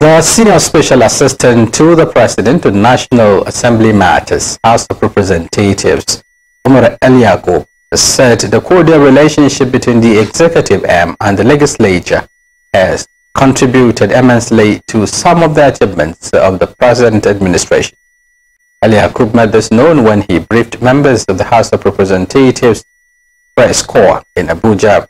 The Senior Special Assistant to the President on National Assembly Matters, House of Representatives, Omar Eliago, said the cordial relationship between the executive arm and the legislature has contributed immensely to some of the achievements of the present administration. Eliakub made this known when he briefed members of the House of Representatives press corps in Abuja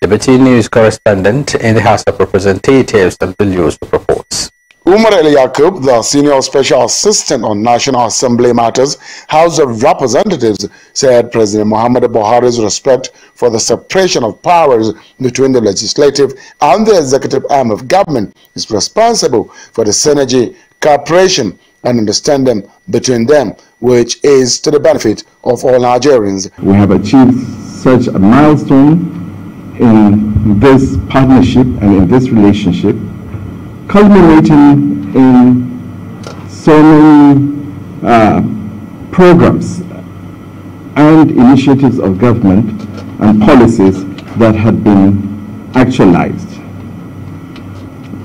Liberty News correspondent in the House of Representatives, Abdul Yusuf, reports. Umar El Yaqub, the Senior Special Assistant on National Assembly Matters, House of Representatives, said President Mohammed Buhari's respect for the separation of powers between the legislative and the executive arm of government is responsible for the synergy, cooperation, and understanding between them, which is to the benefit of all Nigerians. We have achieved such a milestone in this partnership and in this relationship, culminating in so many uh, programs and initiatives of government and policies that had been actualized.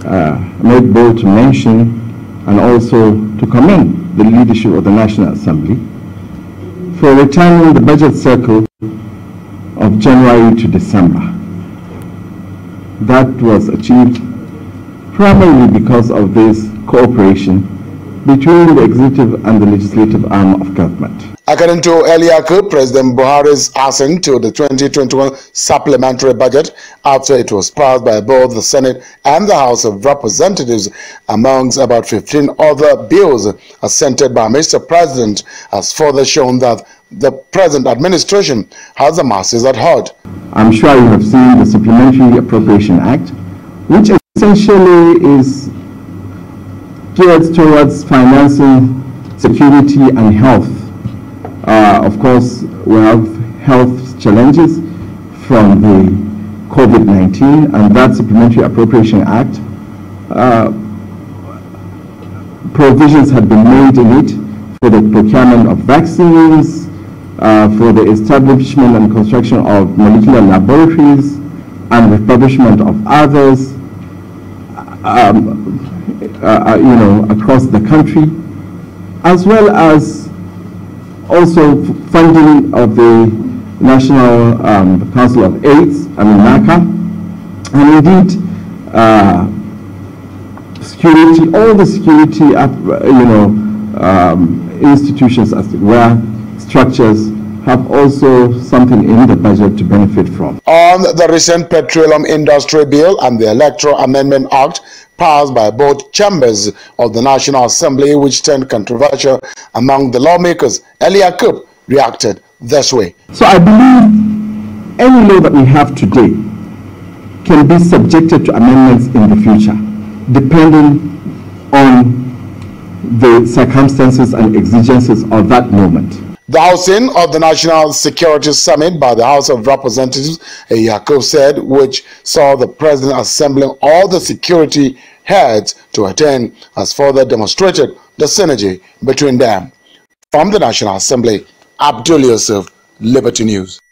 Uh, made bold to mention and also to commend the leadership of the National Assembly for returning the budget circle of January to December. That was achieved primarily because of this cooperation between the executive and the legislative arm of government. According to Eliaku, President Buhari's assent to the 2021 supplementary budget after it was passed by both the Senate and the House of Representatives, amongst about 15 other bills assented by Mr. President, has further shown that the present administration has the masses at heart. I'm sure you have seen the Supplementary Appropriation Act, which essentially is geared towards financing security and health. Uh, of course, we have health challenges from the COVID-19 and that Supplementary Appropriation Act. Uh, provisions had been made in it for the procurement of vaccines, uh, for the establishment and construction of molecular laboratories, and refurbishment of others. Um, uh, uh, you know, across the country, as well as also funding of the National um, Council of AIDS, I mean NACA, and indeed uh, security, all the security, uh, you know, um, institutions as it were, structures have also something in the budget to benefit from. On the recent petroleum industry bill and the Electoral Amendment Act, passed by both chambers of the National Assembly, which turned controversial among the lawmakers. Elia Koop reacted this way. So I believe any law that we have today can be subjected to amendments in the future, depending on the circumstances and exigencies of that moment. The housing of the National Security Summit by the House of Representatives, Yaakov said, which saw the president assembling all the security heads to attend, has further demonstrated the synergy between them. From the National Assembly, Abdul Yusuf, Liberty News.